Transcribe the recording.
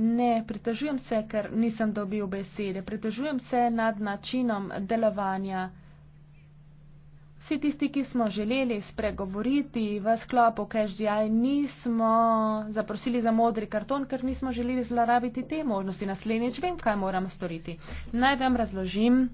Ne, pritožujem se, ker nisem dobil besede. Pritožujem se nad načinom delovanja. Vsi tisti, ki smo želeli spregovoriti v sklopu KSDI, nismo zaprosili za modri karton, ker nismo želeli zlorabiti te možnosti. Naslednjič vem, kaj moram storiti. Naj vam razložim.